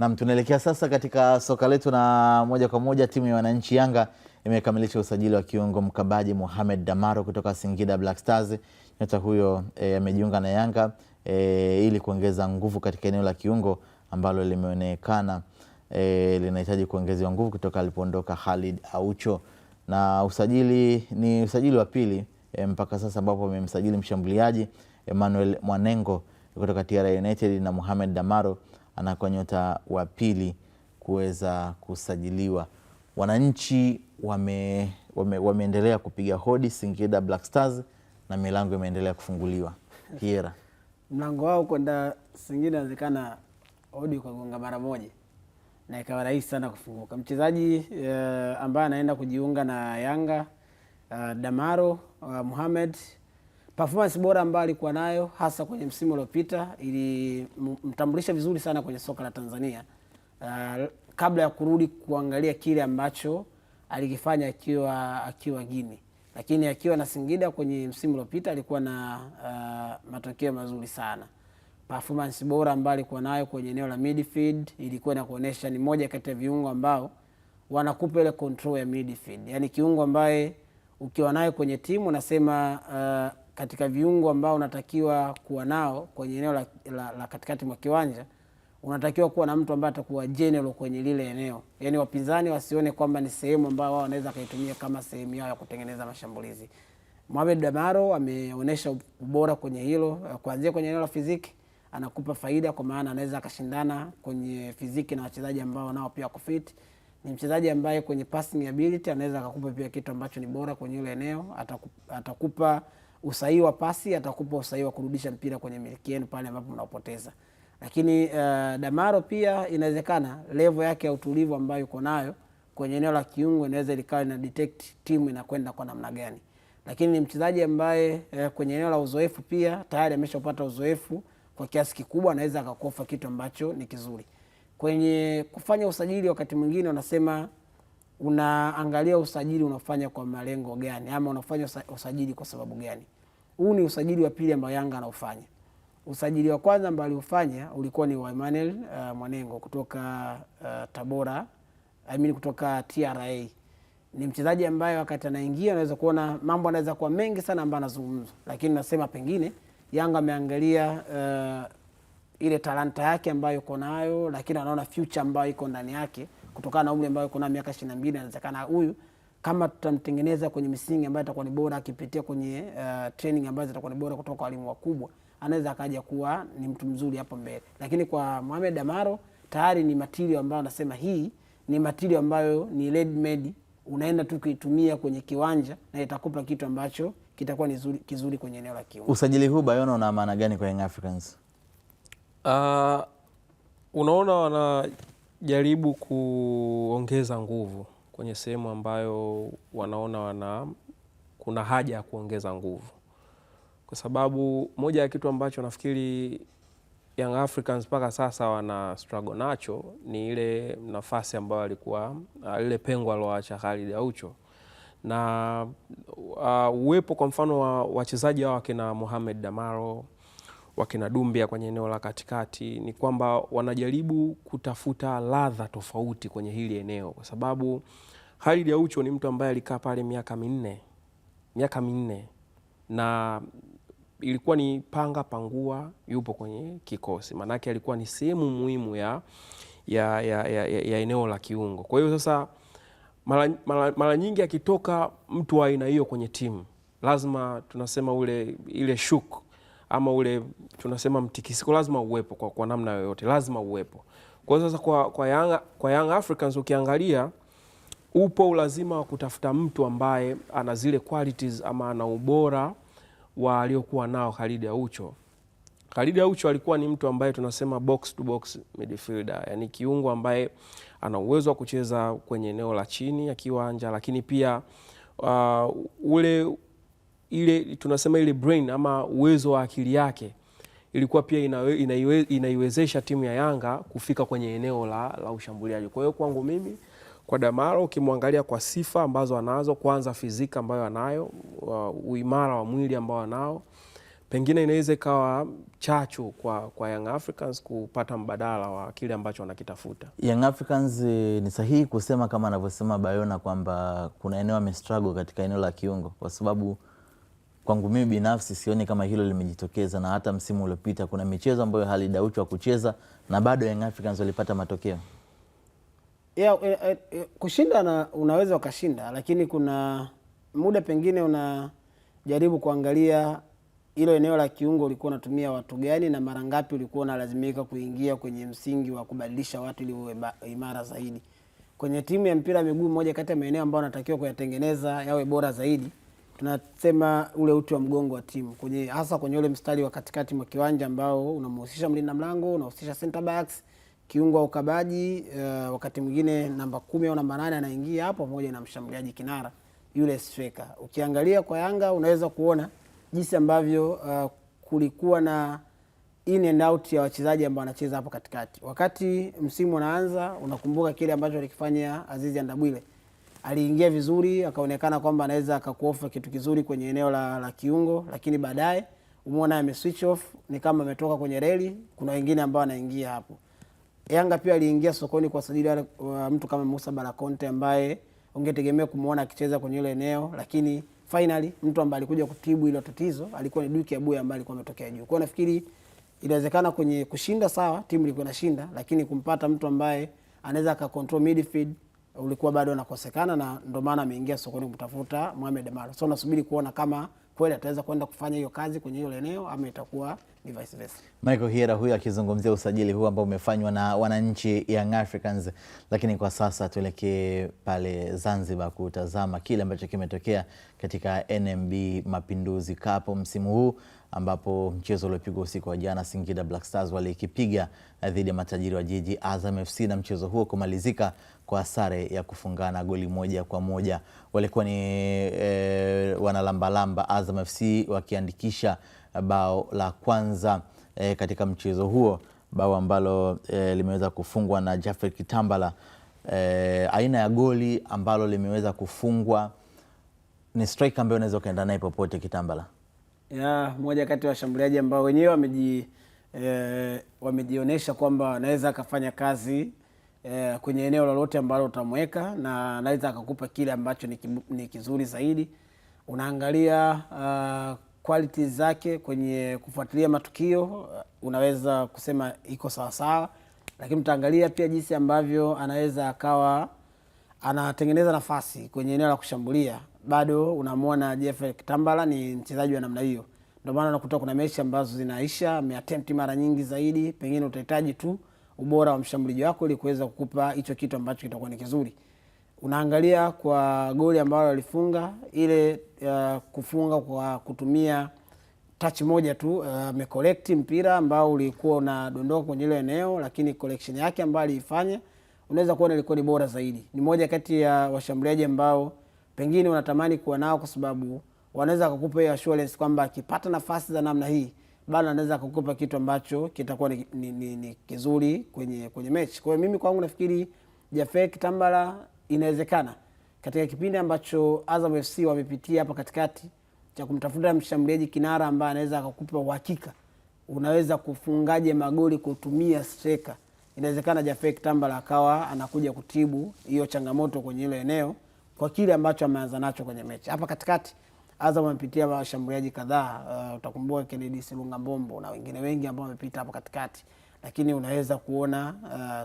Nam, tunaelekea sasa katika soka letu na moja kwa moja timu ya wananchi Yanga imekamilisha usajili wa kiungo mkabaji Mohamed Damaro kutoka Singida Black Stars. Nyota huyo e, amejiunga na Yanga e, ili kuongeza nguvu katika eneo la kiungo ambalo limeonekana e, linahitaji kuongezewa nguvu kutoka alipoondoka Khalid Aucho, na usajili ni usajili wa pili e, mpaka sasa ambapo amemsajili mshambuliaji Emmanuel Mwanengo kutoka TR United na Mohamed Damaro anakuwa nyota wa pili kuweza kusajiliwa. Wananchi wame, wame, wameendelea kupiga hodi Singida Black Stars na milango imeendelea kufunguliwa. Kiera. mlango wao kwenda Singida inawezekana hodi ukagonga mara moja na ikawa rahisi sana kufunguka. Mchezaji uh, ambaye anaenda kujiunga na Yanga uh, Damaro uh, eh, Muhamed Performance bora ambayo alikuwa nayo hasa kwenye msimu uliopita ilimtambulisha vizuri sana kwenye soka la Tanzania uh, kabla ya kurudi kuangalia kile ambacho alikifanya akiwa akiwa Gini, lakini akiwa na Singida kwenye msimu uliopita alikuwa na uh, matokeo mazuri sana. Performance bora ambayo alikuwa nayo kwenye eneo la midfield ilikuwa na kuonesha ni moja kati ya viungo ambao wanakupa ile control ya midfield, yaani kiungo ambaye ukiwa naye kwenye timu unasema uh, katika viungo ambao unatakiwa kuwa nao kwenye eneo la, la, la katikati mwa kiwanja unatakiwa kuwa na mtu ambaye atakuwa general kwenye lile eneo, yaani wapinzani wasione kwamba ni sehemu ambayo wao wanaweza kaitumia kama sehemu yao ya kutengeneza mashambulizi. Mohamed Damaro ameonyesha ubora kwenye hilo, eh, kuanzia kwenye eneo la fiziki anakupa faida, kwa maana anaweza akashindana kwenye fiziki na wachezaji ambao nao pia kufiti. Ni mchezaji ambaye kwenye passing ability anaweza akakupa pia kitu ambacho ni bora kwenye ile eneo, atakupa usahihi wa pasi, atakupa usahihi wa kurudisha mpira kwenye miliki yenu pale ambapo mnapoteza. Lakini uh, Damaro pia inawezekana levo yake ya utulivu ambayo uko nayo kwenye eneo la kiungo inaweza likawa ina detect timu inakwenda kwa namna gani, lakini ni mchezaji ambaye eh, kwenye eneo la uzoefu pia tayari ameshapata uzoefu kwa kiasi kikubwa, anaweza akakofa kitu ambacho ni kizuri kwenye kufanya usajili. Wakati mwingine unasema unaangalia usajili unafanya kwa malengo gani, ama unafanya usajili kwa sababu gani? Huu ni usajili wa pili ambao Yanga anaofanya. Usajili wa kwanza ambao aliofanya ulikuwa ni wa Emmanuel uh, Mwanengo kutoka uh, Tabora, I mean kutoka TRA. Ni mchezaji ambaye wakati anaingia unaweza kuona mambo anaweza kuwa mengi sana ambayo anazungumzwa, lakini nasema pengine Yanga ameangalia uh, ile talanta yake ambayo iko nayo, lakini anaona future ambayo iko ndani yake kutokana na umri ambayo yuko nayo miaka 22 inawezekana huyu kama tutamtengeneza kwenye misingi ambayo itakuwa ni bora, akipitia kwenye uh, training ambazo zitakuwa ni bora kutoka kwa walimu wakubwa, anaweza akaja kuwa ni mtu mzuri hapo mbele. Lakini kwa Mohamed Amaro tayari ni matirio ambayo anasema hii ni matirio ambayo ni ready made, unaenda tu kuitumia kwenye kiwanja na itakupa kitu ambacho kitakuwa ni zuri, kizuri kwenye eneo la kiungo. Usajili huu Bayona una maana gani kwa Young Africans? Uh, unaona wanajaribu kuongeza nguvu kwenye sehemu ambayo wanaona wana kuna haja ya kuongeza nguvu, kwa sababu moja ya kitu ambacho nafikiri Young Africans mpaka sasa wana struggle nacho ni ile nafasi ambayo alikuwa lile uh, pengo alioacha Khalid Aucho na uh, uwepo kwa mfano wa wachezaji hao wakina Mohamed Damaro wakina Dumbia kwenye eneo la katikati, ni kwamba wanajaribu kutafuta ladha tofauti kwenye hili eneo kwa sababu Khalid Aucho ni mtu ambaye alikaa pale miaka minne, miaka minne na ilikuwa ni panga pangua, yupo kwenye kikosi, maanake alikuwa ni sehemu muhimu ya, ya, ya, ya, ya eneo la kiungo. Kwa hiyo sasa mara, mara, mara nyingi akitoka mtu wa aina hiyo kwenye timu lazima tunasema ule ile shuk ama ule tunasema mtikisiko lazima uwepo kwa, kwa namna yoyote lazima uwepo. Kwa hiyo sasa kwa, kwa Young Africans ukiangalia upo ulazima wa kutafuta mtu ambaye ana zile qualities ama ana ubora wa aliokuwa nao Khalid Aucho. Khalid Aucho alikuwa ni mtu ambaye tunasema box to box midfielder, yani kiungo ambaye ana uwezo wa kucheza kwenye eneo la chini akiwa nje, lakini pia uh, ule ile tunasema ile brain ama uwezo wa akili yake ilikuwa pia inawe, inaiwe, inaiwezesha timu ya Yanga kufika kwenye eneo la, la ushambuliaji. Kwa hiyo kwangu mimi kwa Damaro ukimwangalia kwa sifa ambazo anazo, kwanza fizika ambayo anayo, uimara wa mwili ambao anao, pengine inaweza ikawa chachu kwa, kwa Young Africans kupata mbadala wa kile ambacho wanakitafuta. Young Africans eh, ni sahihi kusema kama anavyosema Bayona kwamba kuna eneo amestruggle katika eneo la kiungo, kwa sababu kwangu mimi binafsi sioni kama hilo limejitokeza, na hata msimu uliopita kuna michezo ambayo halidauchwa kucheza na bado Young Africans walipata matokeo yeah, yeah, yeah, kushinda na unaweza ukashinda, lakini kuna muda pengine unajaribu kuangalia hilo eneo la kiungo ulikuwa unatumia watu gani na mara ngapi ulikuwa unalazimika kuingia kwenye msingi wa kubadilisha watu ili uwe imara zaidi. Kwenye timu ya mpira wa miguu, moja kati ya maeneo ambayo unatakiwa kuyatengeneza yawe bora zaidi, tunasema ule uti wa mgongo wa timu kwenye, hasa kwenye ule mstari wa katikati mwa kiwanja ambao unamhusisha mlinda mlango, unahusisha center backs, kiungo wa ukabaji uh, wakati mwingine namba kumi au namba nane anaingia hapo pamoja na mshambuliaji kinara yule striker. Ukiangalia kwa Yanga unaweza kuona jinsi ambavyo uh, kulikuwa na in and out ya wachezaji ambao wanacheza hapo katikati. Wakati msimu unaanza, unakumbuka kile ambacho alikifanya Azizi Andabwile, aliingia vizuri, akaonekana kwamba anaweza akakuofa kitu kizuri kwenye eneo la, la kiungo, lakini baadaye umeona ame switch off, ni kama ametoka kwenye reli. Kuna wengine ambao anaingia hapo Yanga pia aliingia sokoni kwa sajili uh, mtu kama Musa Balakonte ambaye ungetegemea kumwona akicheza kwenye ile eneo, lakini finally mtu ambaye alikuja kutibu ile tatizo alikuwa ni Duke Abuya ambaye alikuwa ametokea juu. Kwa nafikiri inawezekana kwenye kushinda, sawa, timu ilikuwa inashinda, lakini kumpata mtu ambaye anaweza akakontrol midfield ulikuwa bado unakosekana, na ndio maana ameingia sokoni kumtafuta Mohamed Mara. So nasubiri kuona kama kweli ataweza kwenda kufanya hiyo kazi kwenye hilo eneo ama itakuwa ni vice versa. Michael Hiera huyu akizungumzia usajili huu ambao umefanywa na wananchi Young Africans. Lakini kwa sasa tuelekee pale Zanzibar kutazama kile ambacho kimetokea katika NMB Mapinduzi Cup msimu huu ambapo mchezo uliopigwa usiku wa jana Singida Black Stars walikipiga dhidi ya matajiri wa jiji Azam FC na mchezo huo kumalizika kwa sare ya kufungana goli moja kwa moja. Walikuwa ni e, wanalambalamba Azam FC wakiandikisha bao la kwanza e, katika mchezo huo, bao ambalo e, limeweza kufungwa na Jaffer Kitambala. E, aina ya goli ambalo limeweza kufungwa ni striker ambayo unaweza ukaenda naye popote Kitambala ya moja kati ya wa washambuliaji ambao wenyewe wameji e, wamejionyesha kwamba anaweza akafanya kazi e, kwenye eneo lolote ambalo utamweka na anaweza akakupa kile ambacho ni, ni kizuri zaidi. Unaangalia uh, quality zake kwenye kufuatilia matukio, unaweza kusema iko sawasawa, lakini utaangalia pia jinsi ambavyo anaweza akawa anatengeneza nafasi kwenye eneo la kushambulia bado unamwona Jeffrey Kitambala ni mchezaji wa namna hiyo. Ndio maana unakuta kuna mechi ambazo zinaisha, ameattempt mara nyingi zaidi, pengine utahitaji tu ubora wa mshambuliaji wako ili kuweza kukupa hicho kitu ambacho kitakuwa ni kizuri. Unaangalia kwa goli ambalo alifunga ile, uh, kufunga kwa kutumia touch moja tu amecollect eh, uh, mpira ambao ulikuwa unadondoka kwenye ile eneo, lakini collection yake ambayo aliifanya unaweza kuona ilikuwa ni bora zaidi. Ni moja kati ya washambuliaji ambao pengine unatamani kuwa nao kwa sababu wanaweza kukupa hiyo assurance kwamba akipata nafasi za namna hii bado anaweza kukupa kitu ambacho kitakuwa ni, ni, ni, ni kizuri kwenye, kwenye mechi. Kwa hiyo mimi kwangu nafikiri Jaffer Kitambala inawezekana katika kipindi ambacho Azam FC wamepitia hapa katikati cha kumtafuta mshambuliaji kinara ambaye anaweza akakupa uhakika unaweza kufungaje magoli kutumia streka. Inawezekana Jaffer Kitambala akawa anakuja kutibu hiyo changamoto kwenye hilo eneo kwa kile ambacho ameanza nacho kwenye mechi. Hapa katikati Azam amepitia washambuliaji kadhaa, uh, utakumbuka Kennedy Silunga Mbombo na wengine wengi ambao wamepita hapa katikati, lakini unaweza kuona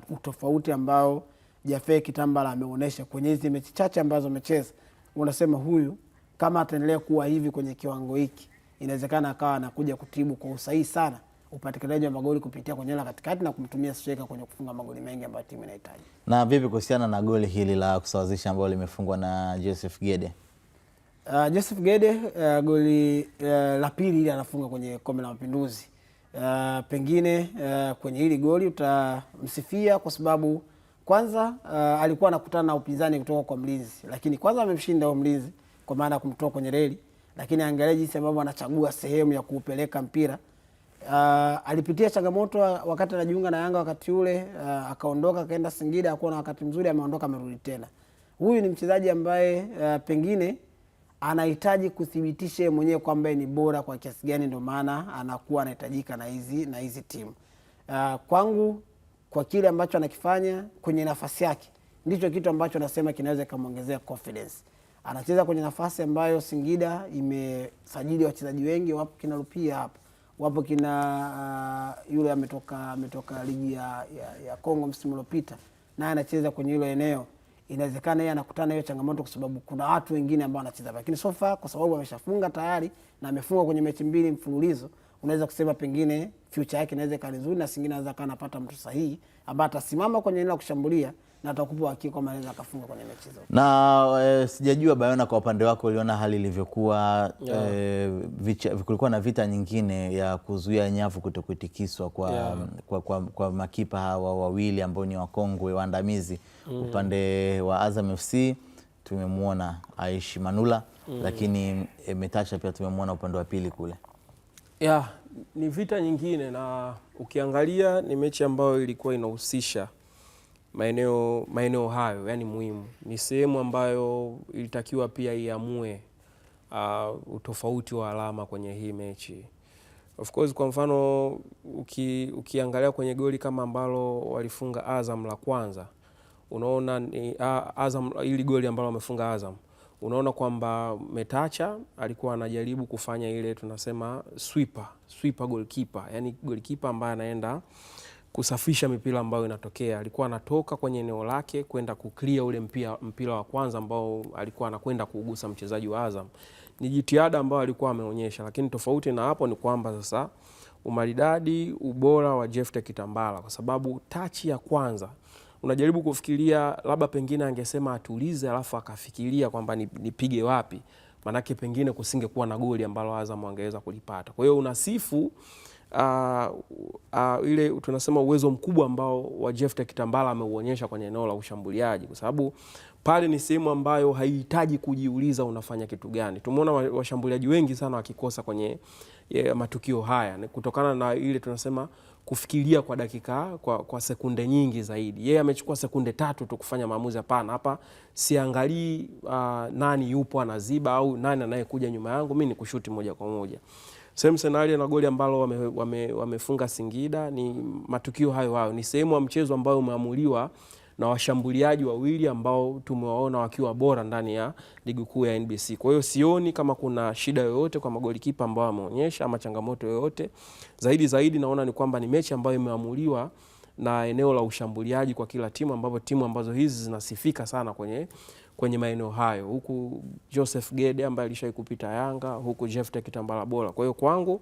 uh, utofauti ambao Jaffe Kitambala ameonyesha kwenye hizi mechi chache ambazo amecheza. Unasema huyu kama ataendelea kuwa hivi kwenye kiwango hiki, inawezekana akawa anakuja kutibu kwa usahihi sana upatikanaji wa magoli kupitia kwenye la katikati na kumtumia Streka kwenye kufunga magoli mengi ambayo timu inahitaji. Na vipi kuhusiana na goli hili la kusawazisha ambalo limefungwa na Joseph Gede? Uh, Joseph Gede uh, goli uh, la pili ile anafunga kwenye Kombe la Mapinduzi. Uh, pengine uh, kwenye hili goli utamsifia kwa sababu kwanza uh, alikuwa anakutana na upinzani kutoka kwa mlinzi, lakini kwanza amemshinda huyo mlinzi kwa maana ya kumtoa kwenye reli, lakini angalia jinsi ambavyo anachagua sehemu ya kuupeleka mpira Uh, alipitia changamoto wakati anajiunga na Yanga wakati ule uh, akaondoka akaenda Singida, hakuwa na wakati mzuri, ameondoka amerudi tena. Huyu ni mchezaji ambaye uh, pengine anahitaji kuthibitisha mwenyewe kwamba ni bora kwa kiasi gani, ndio maana anakuwa anahitajika na hizi na hizi timu uh, kwangu kwa kile ambacho anakifanya kwenye nafasi yake ndicho kitu ambacho nasema kinaweza kumwongezea confidence. Anacheza kwenye nafasi ambayo Singida imesajili wachezaji wengi, wapo kina Rupia hapo wapo kina uh, yule ametoka ametoka ligi ya, ya, ya Kongo msimu uliopita naye anacheza kwenye hilo eneo, inawezekana yeye anakutana hiyo changamoto, kwa sababu kuna watu wengine ambao wanacheza, lakini sofa kwa sababu ameshafunga tayari na amefunga kwenye mechi mbili mfululizo, unaweza kusema pengine future yake inaweza ikawa nzuri, na singine anaweza akawa anapata mtu sahihi ambaye atasimama kwenye eneo la kushambulia na atakupa kwamba anaweza akafunga kwenye mechi zote. Na e, sijajua Bayona, kwa upande wako uliona hali ilivyokuwa yeah. E, kulikuwa na vita nyingine ya kuzuia nyavu kutokuitikiswa kwa, yeah. kwa, kwa, kwa makipa hawa wawili ambao ni wakongwe waandamizi mm. upande wa Azam FC tumemwona Aishi Manula mm. lakini e, Metacha pia tumemwona upande wa pili kule yeah, ni vita nyingine na ukiangalia ni mechi ambayo ilikuwa inahusisha maeneo maeneo hayo yani muhimu. Ni sehemu ambayo ilitakiwa pia iamue uh, utofauti wa alama kwenye hii mechi. Of course kwa mfano uki, ukiangalia kwenye goli kama ambalo walifunga Azam la kwanza, unaona ni Azam ili goli ambalo wamefunga Azam, unaona kwamba Metacha alikuwa anajaribu kufanya ile tunasema sweeper, sweeper goalkeeper, yani goalkeeper ambaye anaenda kusafisha mipira ambayo inatokea. Alikuwa anatoka kwenye eneo lake kwenda kuklia ule mpira, mpira wa kwanza ambao alikuwa anakwenda kuugusa mchezaji wa Azam. Ni jitihada ambayo alikuwa ameonyesha, lakini tofauti na hapo ni kwamba sasa umaridadi, ubora wa Jefte Kitambala, kwa sababu tachi ya kwanza unajaribu kufikiria labda pengine angesema atulize, alafu akafikiria kwamba nipige wapi, manake pengine kusingekuwa na goli ambalo Azam angeweza kulipata. Kwa hiyo unasifu uh, uh, ile tunasema uwezo mkubwa ambao wa Jephte Kitambala ameuonyesha kwenye eneo la ushambuliaji, kwa sababu pale ni sehemu ambayo haihitaji kujiuliza unafanya kitu gani. Tumeona washambuliaji wengi sana wakikosa kwenye yeah, matukio haya kutokana na ile tunasema kufikiria kwa dakika kwa, kwa sekunde nyingi zaidi. Yeye yeah, amechukua sekunde tatu tu kufanya maamuzi. Hapana, hapa siangalii uh, nani yupo anaziba au nani anayekuja nyuma yangu, mi ni kushuti moja kwa moja. Same scenario na goli ambalo wamefunga wame, wame Singida ni matukio hayo hayo, ni sehemu ya mchezo ambayo umeamuliwa na washambuliaji wawili ambao tumewaona wakiwa bora ndani ya ligi kuu ya NBC. Kwa hiyo sioni kama kuna shida yoyote kwa magoli kipa ambao wameonyesha ama changamoto yoyote. Zaidi zaidi naona ni kwamba ni mechi ambayo imeamuliwa na eneo la ushambuliaji kwa kila timu, ambapo timu ambazo hizi zinasifika sana kwenye kwenye maeneo hayo, huku Joseph Gede ambaye alishawahi kupita Yanga, huku Jephte Kitambala bora. Kwa hiyo kwangu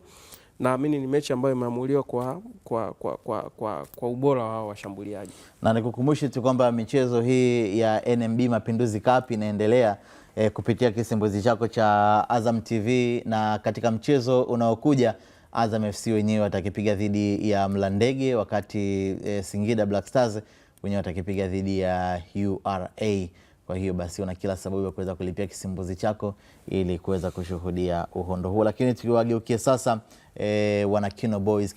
naamini ni mechi ambayo imeamuliwa kwa, kwa, kwa, kwa, kwa, kwa ubora wa washambuliaji, na nikukumbushe tu kwamba michezo hii ya NMB Mapinduzi Cup inaendelea eh, kupitia kisimbuzi chako cha Azam TV na katika mchezo unaokuja Azam FC wenyewe watakipiga dhidi ya Mlandege, wakati e, Singida Black Stars wenyewe watakipiga dhidi ya URA. Kwa hiyo basi una kila sababu ya kuweza kulipia kisimbuzi chako ili kuweza kushuhudia uhondo huu. Lakini tukiwageukia sasa e, wana Kino Boys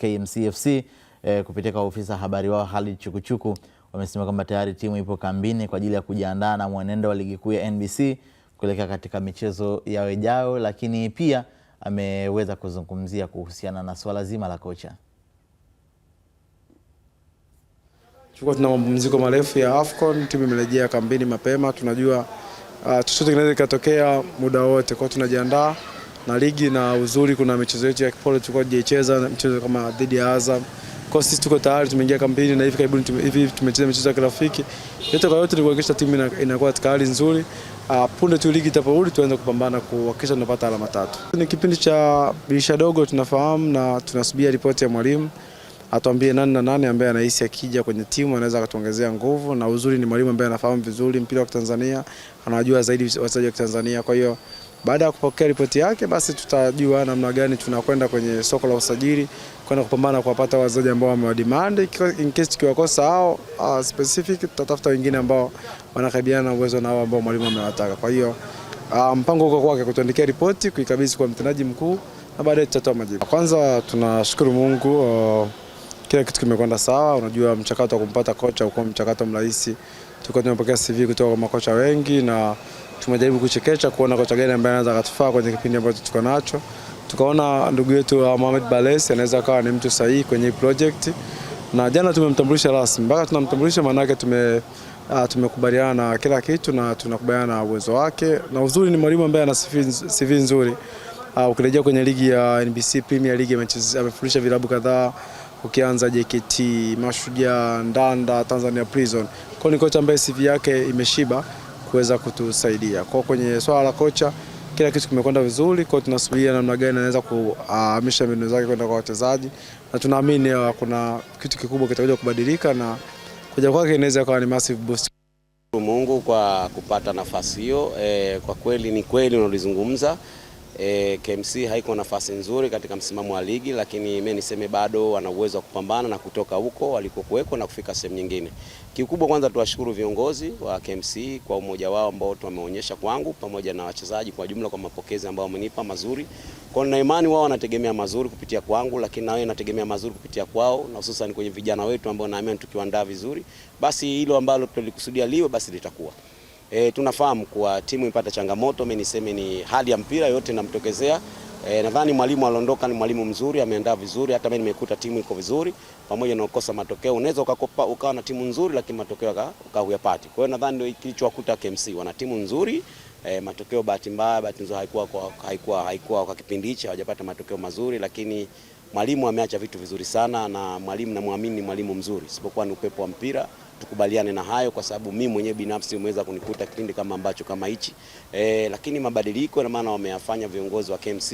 FC e, eh, kupitia kwa ofisa habari wao Halid Chukuchuku wamesema kwamba tayari timu ipo kambini kwa ajili ya kujiandaa na mwenendo wa ligi kuu ya NBC kuelekea katika michezo yao ijayo, lakini pia ameweza kuzungumzia kuhusiana na swala zima la kocha. Tulikuwa tuna mapumziko marefu ya AFCON, timu imerejea kambini mapema. Tunajua uh, chochote kinaweza kikatokea muda wote, kwao tunajiandaa na ligi na uzuri, kuna michezo yetu ya kipole tulikuwa tujaicheza, mchezo kama dhidi ya Azam. Kwa sisi tuko tayari, tumeingia kampeni na hivi karibuni hivi tumecheza michezo ya kirafiki yote kwa yote, ni kuhakikisha timu inakuwa katika hali nzuri uh, punde tu ligi itaporudi tuanze kupambana kuhakikisha tunapata alama tatu. Ni kipindi cha dirisha dogo, tunafahamu na tunasubia ripoti ya mwalimu atuambie nani na nani ambaye anahisi akija kwenye timu anaweza akatuongezea nguvu, na uzuri ni mwalimu ambaye anafahamu vizuri mpira wa Tanzania, anajua zaidi wachezaji wa Tanzania, kwa hiyo baada ya kupokea ripoti yake, basi tutajua namna gani tunakwenda kwenye soko la usajili kwenda kupambana kuwapata wazaji ambao wamewademand. In case tukiwakosa hao uh, specific, tutatafuta wengine ambao wanakabiliana na uwezo na hao ambao mwalimu amewataka. Kwa hiyo uh, mpango uko kwake kutuandikia ripoti, kuikabidhi kwa mtendaji mkuu na baadaye tutatoa majibu. Kwanza tunashukuru Mungu uh, kila kitu kimekwenda sawa. Unajua, mchakato wa kumpata kocha uko mchakato mrahisi, tulikuwa tumepokea CV kutoka kwa makocha wengi na tumejaribu kuchekecha kuona kocha gani ambaye anaweza kutufaa kwenye kipindi ambacho tuko nacho. Tukaona ndugu yetu uh, Mohamed Balesi anaweza kawa ni mtu sahihi kwenye project, na jana tumemtambulisha rasmi. Mpaka tunamtambulisha maana yake tume uh, tumekubaliana na kila kitu na tunakubaliana na uwezo wake, na uzuri ni mwalimu ambaye ana CV nzuri. Uh, ukirejea kwenye ligi ya NBC Premier League amefundisha vilabu kadhaa ukianza JKT, Mashujaa, Ndanda, Tanzania Prison. Kwa ni kocha ambaye CV yake imeshiba kuweza kutusaidia. Kwa kwenye swala la kocha kila kitu kimekwenda vizuri, kwa tunasubiria namna gani anaweza kuhamisha mbinu zake kwenda kwa wachezaji, na tunaamini kuna kitu kikubwa kitakuja kubadilika na kuja kwake inaweza kuwa ni massive boost. Mungu kwa kupata nafasi hiyo. E, kwa kweli ni kweli unalizungumza. E, KMC haiko nafasi nzuri katika msimamo wa ligi, lakini mimi niseme bado wana uwezo wa kupambana na kutoka huko walikokuweko na kufika sehemu nyingine. Kikubwa kwanza, tuwashukuru viongozi wa KMC kwa umoja wao ambao tumeonyesha kwangu, pamoja na wachezaji kwa jumla, kwa mapokezi ambao wamenipa mazuri. Kwa na imani wao wanategemea mazuri kupitia kwangu, lakini nawe nategemea mazuri kupitia kwao, na hususan kwenye vijana wetu ambao naamini tukiwaandaa vizuri, basi hilo ambalo tulikusudia liwe basi litakuwa E, tunafahamu kuwa timu imepata changamoto. Mimi niseme ni hali ya mpira yote inamtokezea. E, nadhani mwalimu aliondoka ni mwalimu mzuri, ameandaa vizuri. Hata mimi nimekuta timu iko vizuri, pamoja na kukosa matokeo. Unaweza ukakopa ukawa na timu nzuri, lakini matokeo ukahuyapati. Kwa hiyo nadhani ndio kilichowakuta KMC, wana timu nzuri E, matokeo bahati mbaya, bahati nzuri haikuwa kwa, haikuwa, haikuwa kwa kipindi hicho hawajapata matokeo mazuri, lakini mwalimu ameacha vitu vizuri sana, na mwalimu namwamini ni mwalimu mzuri, isipokuwa ni upepo wa mpira tukubaliane na hayo, kwa sababu mimi mwenyewe binafsi umeweza kunikuta kipindi kama ambacho kama hichi e, lakini mabadiliko na maana wameyafanya viongozi wa KMC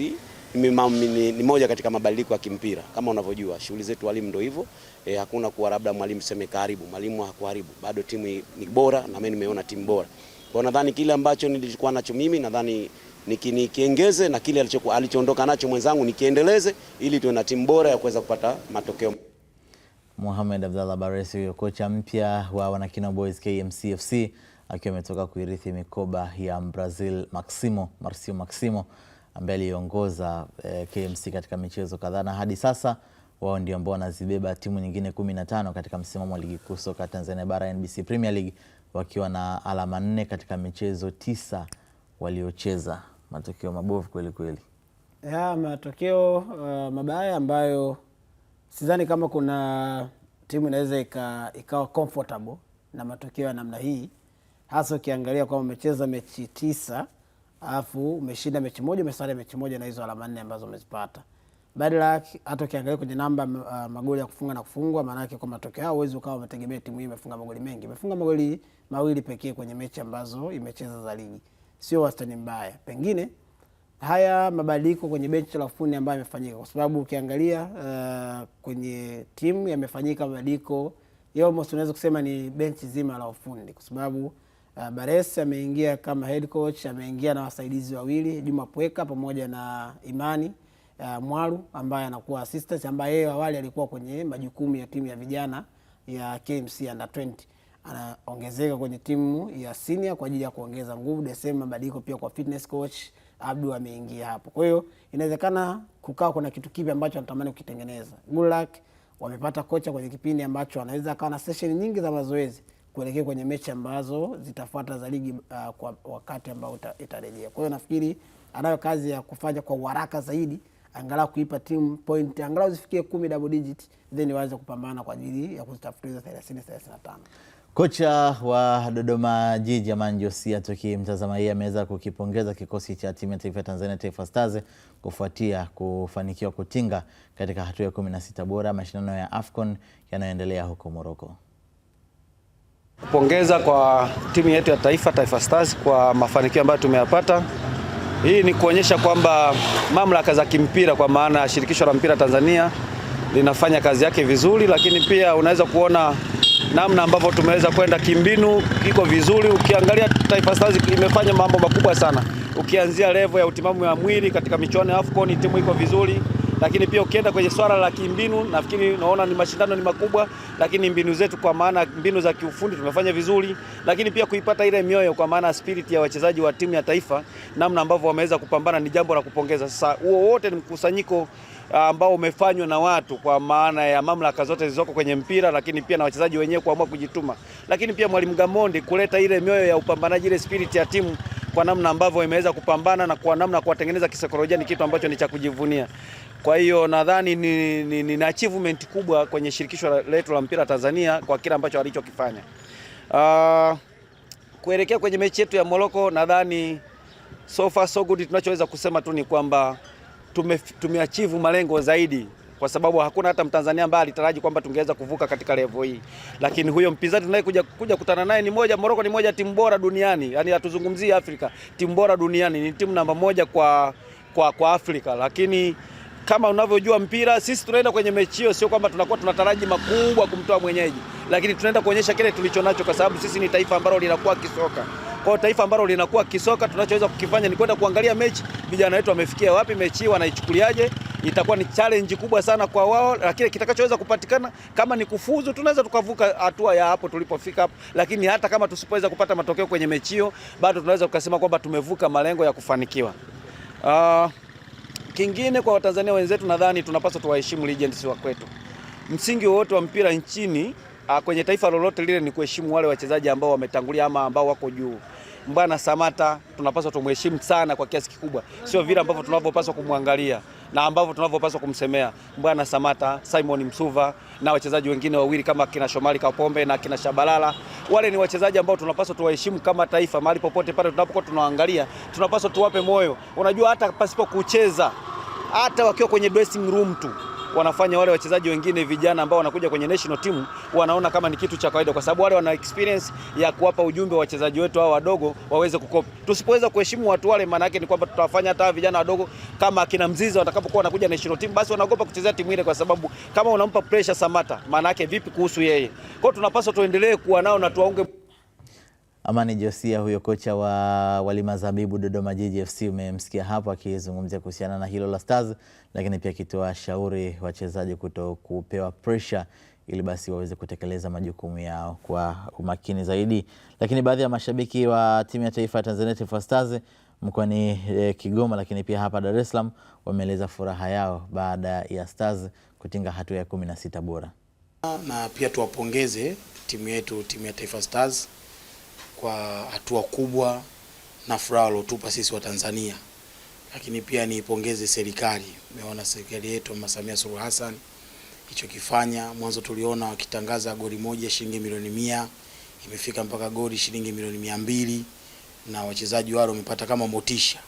ni, ni, ni moja katika mabadiliko ya kimpira kama unavyojua shughuli zetu walimu ndio hivyo e, hakuna kuwa labda mwalimu seme karibu mwalimu hakuharibu bado, timu ni bora na mimi nimeona timu bora kwa, nadhani kile ambacho nilikuwa nacho mimi nadhani nikiniongeze na kile alichoondoka nacho mwenzangu nikiendeleze, ili tuwe na timu bora ya kuweza kupata matokeo. Mohamed Abdallah Baresi huyo kocha mpya wa Wanakina Boys KMC FC akiwa ametoka kuirithi mikoba ya Brazil Maximo Marcio Maximo ambaye aliongoza eh, KMC katika michezo kadhaa na hadi sasa wao ndio ambao wanazibeba timu nyingine kumi na tano katika msimamo wa ligi kuu soka Tanzania bara NBC Premier League wakiwa na alama nne katika michezo tisa waliocheza. Matokeo mabovu kweli kweli, ya matokeo uh, mabaya ambayo sidhani kama kuna timu inaweza ikawa comfortable na matokeo ya namna hii, hasa ukiangalia kwamba umecheza mechi tisa alafu umeshinda mechi moja, umesare mechi moja na hizo alama nne ambazo umezipata. Badala yake hata ukiangalia kwenye namba uh, magoli ya kufunga na kufungwa, maana yake kwa matokeo yao uwezi ukawa umetegemea timu hii imefunga magoli mengi. Imefunga magoli mawili pekee kwenye mechi ambazo imecheza za ligi, sio wastani mbaya. Pengine haya mabadiliko kwenye benchi la ufundi ambayo yamefanyika, kwa sababu ukiangalia uh, kwenye timu yamefanyika mabadiliko ya almost unaweza kusema ni benchi zima la ufundi, kwa sababu uh, Bares ameingia kama head coach, ameingia na wasaidizi wawili Juma Pweka pamoja na Imani uh, Mwaru ambaye anakuwa assistant, ambaye yeye awali alikuwa kwenye majukumu ya timu ya vijana ya KMC under 20 anaongezeka kwenye timu ya senior kwa ajili ya kuongeza nguvu. The mabadiliko pia kwa fitness coach Abdu ameingia hapo. Kwa hiyo inawezekana kukaa kuna kitu kipi ambacho anatamani kukitengeneza. Good wamepata kocha kwenye kipindi ambacho anaweza akawa na sesheni nyingi za mazoezi kuelekea kwenye mechi ambazo zitafuata za ligi uh, kwa wakati ambao itarejea. Kwa hiyo nafikiri anayo kazi ya kufanya kwa uharaka zaidi, angalau kuipa timu point angalau zifikie kumi double digit, then waanze kupambana kwa ajili ya kuzitafutia 30 35. Kocha wa Dodoma Jiji Aman Josia tukimtazama yeye ameweza kukipongeza kikosi cha timu ya taifa ya Tanzania Taifa Stars kufuatia kufanikiwa kutinga katika hatua ya 16 bora mashindano ya AFCON yanayoendelea huko Morocco. Kupongeza kwa timu yetu ya taifa Taifa Stars kwa mafanikio ambayo tumeyapata. Hii ni kuonyesha kwamba mamlaka za kimpira kwa maana ya shirikisho la mpira Tanzania linafanya kazi yake vizuri, lakini pia unaweza kuona namna ambavyo tumeweza kwenda kimbinu iko vizuri. Ukiangalia Taifa Stars imefanya mambo makubwa sana, ukianzia levo ya utimamu ya mwili katika michuano ya AFCON timu iko vizuri, lakini pia ukienda kwenye swala la kimbinu, nafikiri naona ni mashindano ni makubwa, lakini mbinu zetu kwa maana mbinu za kiufundi tumefanya vizuri, lakini pia kuipata ile mioyo kwa maana spirit ya wachezaji wa timu ya taifa, namna ambavyo wameweza kupambana ni jambo la kupongeza. Sasa huo wote ni mkusanyiko Uh, ambao umefanywa na watu kwa maana ya mamlaka zote zilizoko kwenye mpira, lakini pia na wachezaji wenyewe kuamua kujituma, lakini pia mwalimu Gamondi kuleta ile mioyo ya upambanaji, ile spirit ya timu kwa namna ambavyo imeweza kupambana na kwa namna kuwatengeneza kisaikolojia ni kitu ambacho ni cha kujivunia. Kwa hiyo nadhani ni, ni, ni, ni achievement kubwa kwenye shirikisho letu la mpira Tanzania kwa kila ambacho alichokifanya. Uh, kuelekea kwenye mechi yetu ya Moroko, nadhani so far so good tunachoweza kusema tu ni kwamba tume, tumeachivu malengo zaidi kwa sababu hakuna hata Mtanzania ambaye alitaraji kwamba tungeweza kuvuka katika level hii, lakini huyo mpinzani tunaye kuja, kuja kutana naye ni moja, Morocco ni moja timu bora duniani, yani hatuzungumzii Afrika, timu bora duniani ni timu namba moja kwa, kwa, kwa Afrika. Lakini kama unavyojua mpira, sisi tunaenda kwenye mechi hiyo, sio kwamba tunakuwa tunataraji makubwa kumtoa mwenyeji, lakini tunaenda kuonyesha kile tulicho nacho kwa sababu sisi ni taifa ambalo linakuwa kisoka kwa taifa ambalo linakuwa kisoka, tunachoweza kukifanya ni kwenda kuangalia mechi, vijana wetu wamefikia wapi, mechi wanaichukuliaje? Itakuwa ni challenge kubwa sana kwa wao, lakini kitakachoweza kupatikana kama ni kufuzu, tunaweza tukavuka hatua ya hapo tulipofika hapo. Lakini hata kama tusipoweza kupata matokeo kwenye mechi hiyo, bado tunaweza tukasema kwamba tumevuka malengo ya kufanikiwa. Uh, kingine kwa Watanzania wenzetu, nadhani tunapaswa tuwaheshimu legends wa kwetu. Msingi wote wa mpira nchini Ah, kwenye taifa lolote lile ni kuheshimu wale wachezaji ambao wametangulia ama ambao wako juu. Mbwana Samata tunapaswa tumheshimu sana kwa kiasi kikubwa, sio vile ambavyo tunavyopaswa kumwangalia na ambavyo tunavyopaswa kumsemea Mbwana Samata, Simon Msuva na wachezaji wengine wawili kama kina Shomari Kapombe na kina Shabalala. Wale ni wachezaji ambao tunapaswa tuwaheshimu kama taifa, mahali popote pale tunapokuwa tunaangalia, tunapaswa tuwape moyo. Unajua hata pasipo kucheza, hata wakiwa kwenye dressing room tu wanafanya wale wachezaji wengine vijana ambao wanakuja kwenye national team wanaona kama ni kitu cha kawaida, kwa sababu wale wana experience ya kuwapa ujumbe wa wachezaji wetu hao wadogo waweze kukopi. Tusipoweza kuheshimu watu wale, maana yake ni kwamba tutawafanya hata vijana wadogo kama akina Mzizi watakapokuwa wanakuja national team, basi wanaogopa kuchezea timu ile, kwa sababu kama unampa pressure Samata, maana yake vipi kuhusu yeye? Kwa hiyo tunapaswa tuendelee kuwa nao na tuwaunge Amani Josia huyo kocha wa Walima Zabibu Dodoma Jiji FC, umemsikia hapo akizungumzia kuhusiana na hilo la Stars, lakini pia akitoa shauri wachezaji kuto kupewa pressure ili basi waweze kutekeleza majukumu yao kwa umakini zaidi. Lakini baadhi ya mashabiki wa timu ya taifa ya Tanzania Taifa Stars mkoani e, Kigoma lakini pia hapa Dar es Salaam wameeleza furaha yao baada ya Stars kutinga hatua ya kumi na sita bora, na pia tuwapongeze timu yetu, timu ya Taifa Stars kwa hatua kubwa na furaha waliotupa sisi wa Tanzania, lakini pia niipongeze serikali. Umeona serikali yetu Mama Samia Suluhu Hassan ichokifanya mwanzo, tuliona wakitangaza goli moja shilingi milioni mia, imefika mpaka goli shilingi milioni mia mbili na wachezaji wale wamepata kama motisha,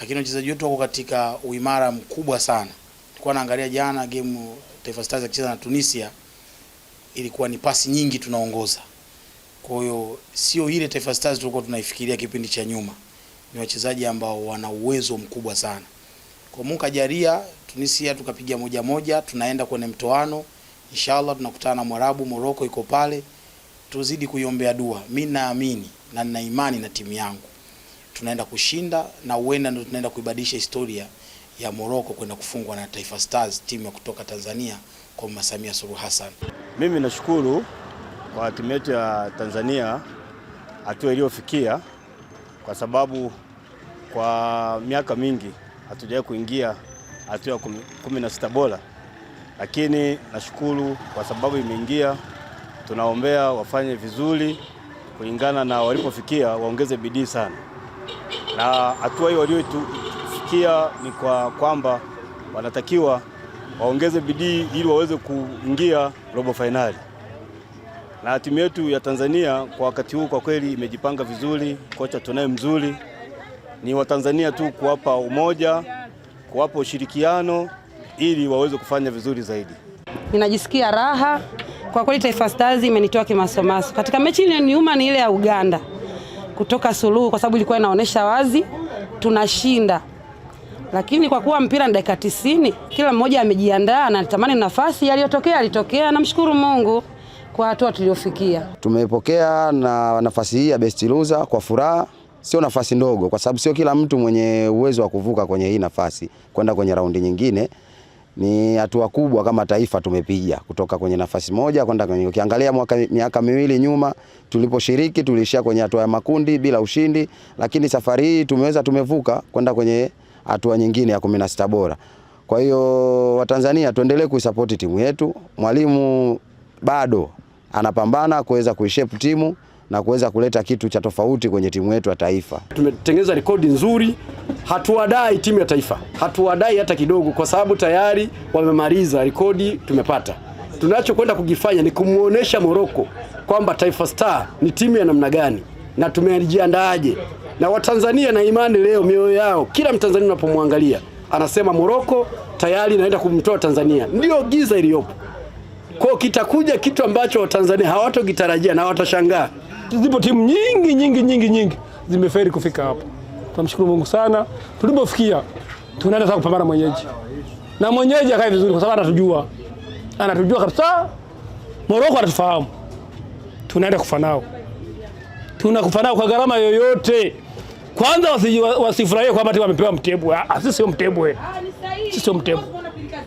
lakini wachezaji wetu wako katika uimara mkubwa sana. Nilikuwa naangalia jana game Taifa Stars akicheza na Tunisia, ilikuwa ni pasi nyingi tunaongoza kwa hiyo sio ile Taifa Stars tulikuwa tunaifikiria kipindi cha nyuma, ni wachezaji ambao wana uwezo mkubwa sana. Kwa Muka Jaria Tunisia tukapiga moja moja, tunaenda kwenye mtoano, inshallah tunakutana na Mwarabu. Morocco iko pale, tuzidi kuiombea dua. Mimi naamini na nina imani na timu yangu tunaenda kushinda na uenda ndo tunaenda kuibadilisha historia ya Morocco kwenda kufungwa na Taifa Stars, timu ya kutoka Tanzania kwa Mama Samia Suluhu Hassan. Mimi nashukuru kwa timu yetu ya Tanzania hatua iliyofikia, kwa sababu kwa miaka mingi hatujawahi kuingia hatua ya kumi na sita bora, lakini nashukuru kwa sababu imeingia. Tunaombea wafanye vizuri kulingana na walipofikia, waongeze bidii sana, na hatua hiyo waliofikia ni kwa kwamba wanatakiwa waongeze bidii ili waweze kuingia robo fainali na timu yetu ya Tanzania kwa wakati huu kwa kweli imejipanga vizuri. Kocha tunaye mzuri, ni Watanzania tu kuwapa umoja, kuwapa ushirikiano ili waweze kufanya vizuri zaidi. Ninajisikia raha kwa kweli, Taifa Stars imenitoa kimasomaso katika mechi iliyoniuma ni ile ya Uganda kutoka suluhu, kwa sababu ilikuwa inaonyesha wazi tunashinda, lakini kwa kuwa mpira ni dakika 90, kila mmoja amejiandaa na anatamani nafasi. Yaliyotokea alitokea, namshukuru Mungu kwa hatua tuliofikia. Tumepokea na nafasi hii ya best loser kwa furaha, sio nafasi ndogo, kwa sababu sio kila mtu mwenye uwezo wa kuvuka kwenye hii nafasi kwenda kwenye raundi nyingine. Ni hatua kubwa kama taifa tumepiga kutoka kwenye nafasi moja kwenda kwenye. Ukiangalia mwaka miaka miwili nyuma tuliposhiriki, tuliishia kwenye hatua ya makundi bila ushindi, lakini safari hii tumeweza, tumevuka kwenda kwenye hatua nyingine ya kumi na sita bora. Kwa hiyo Watanzania tuendelee kuisapoti timu yetu. Mwalimu bado anapambana kuweza kuishape timu na kuweza kuleta kitu cha tofauti kwenye timu yetu ya taifa. Tumetengeneza rekodi nzuri, hatuwadai timu ya taifa, hatuwadai hata kidogo, kwa sababu tayari wamemaliza rekodi tumepata. Tunachokwenda kukifanya ni kumwonyesha Moroko kwamba Taifa Star ni timu ya namna gani na tumejiandaaje, na Watanzania na imani leo mioyo yao, kila Mtanzania unapomwangalia anasema Moroko tayari inaenda kumtoa Tanzania, ndio giza iliyopo. Kwao kitakuja kitu ambacho Watanzania hawatokitarajia na watashangaa. Zipo timu nyingi nyingi nyingi nyingi zimeferi kufika hapo Tunamshukuru Mungu sana, tulipofikia tunaenda sasa kupambana mwenyeji, na mwenyeji akae vizuri, kwa sababu anatujua, anatujua kabisa. Moroko anatufahamu, tunaenda kufanao, tunakufanao kwa gharama yoyote. Kwanza wasifurahie kwamba wamepewa Mtebwe. Ah, ah, sisi sio Mtebwe, ah, sisi sio Mtebwe.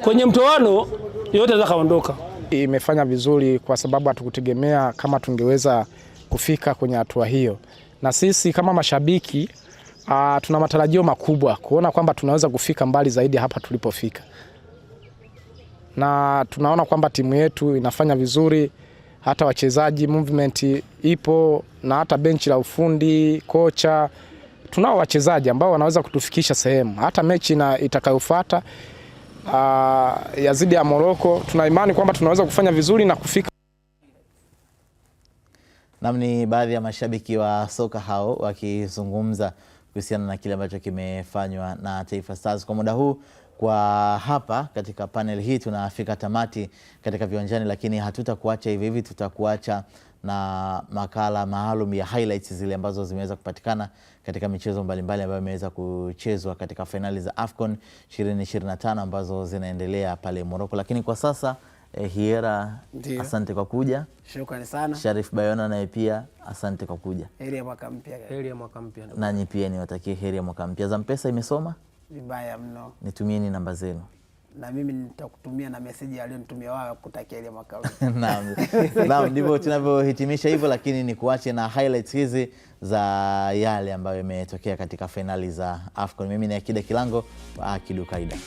Kwenye mtoano yote zakaondoka imefanya vizuri kwa sababu hatukutegemea kama tungeweza kufika kwenye hatua hiyo, na sisi kama mashabiki uh, tuna matarajio makubwa kuona kwamba tunaweza kufika mbali zaidi hapa tulipofika, na tunaona kwamba timu yetu inafanya vizuri, hata wachezaji movement ipo, na hata benchi la ufundi, kocha, tunao wachezaji ambao wanaweza kutufikisha sehemu, hata mechi na itakayofuata uh, ya zidi ya Moroko. Tuna imani kwamba tunaweza kufanya vizuri na kufika nam. Ni baadhi ya mashabiki wa soka hao wakizungumza kuhusiana na kile ambacho kimefanywa na Taifa Stars kwa muda huu. Kwa hapa katika panel hii tunafika tamati katika Viwanjani, lakini hatutakuacha hivi hivi, tutakuacha na makala maalum ya highlights zile ambazo zimeweza kupatikana katika michezo mbalimbali ambayo imeweza kuchezwa katika fainali za AFCON 2025 ambazo zinaendelea pale Morocco. Lakini kwa sasa eh, Hiera Ndiyo. Asante kwa kuja. Shukrani sana. Sharif Bayona naye pia asante kwa kuja. Heri ya mwaka mpya. Heri ya mwaka mpya. Nanyi pia niwatakie heri ya mwaka mpya. Zampesa imesoma vibaya mno. Nitumieni namba zenu na mimi nitakutumia na meseji aliyonitumia wao kutakia ile mwaka Naam. Naam, ndivyo tunavyohitimisha hivyo, lakini ni kuache na highlights hizi za yale ambayo imetokea katika fainali za AFCON. Mimi ni Akida Kilango wa Akidukaida.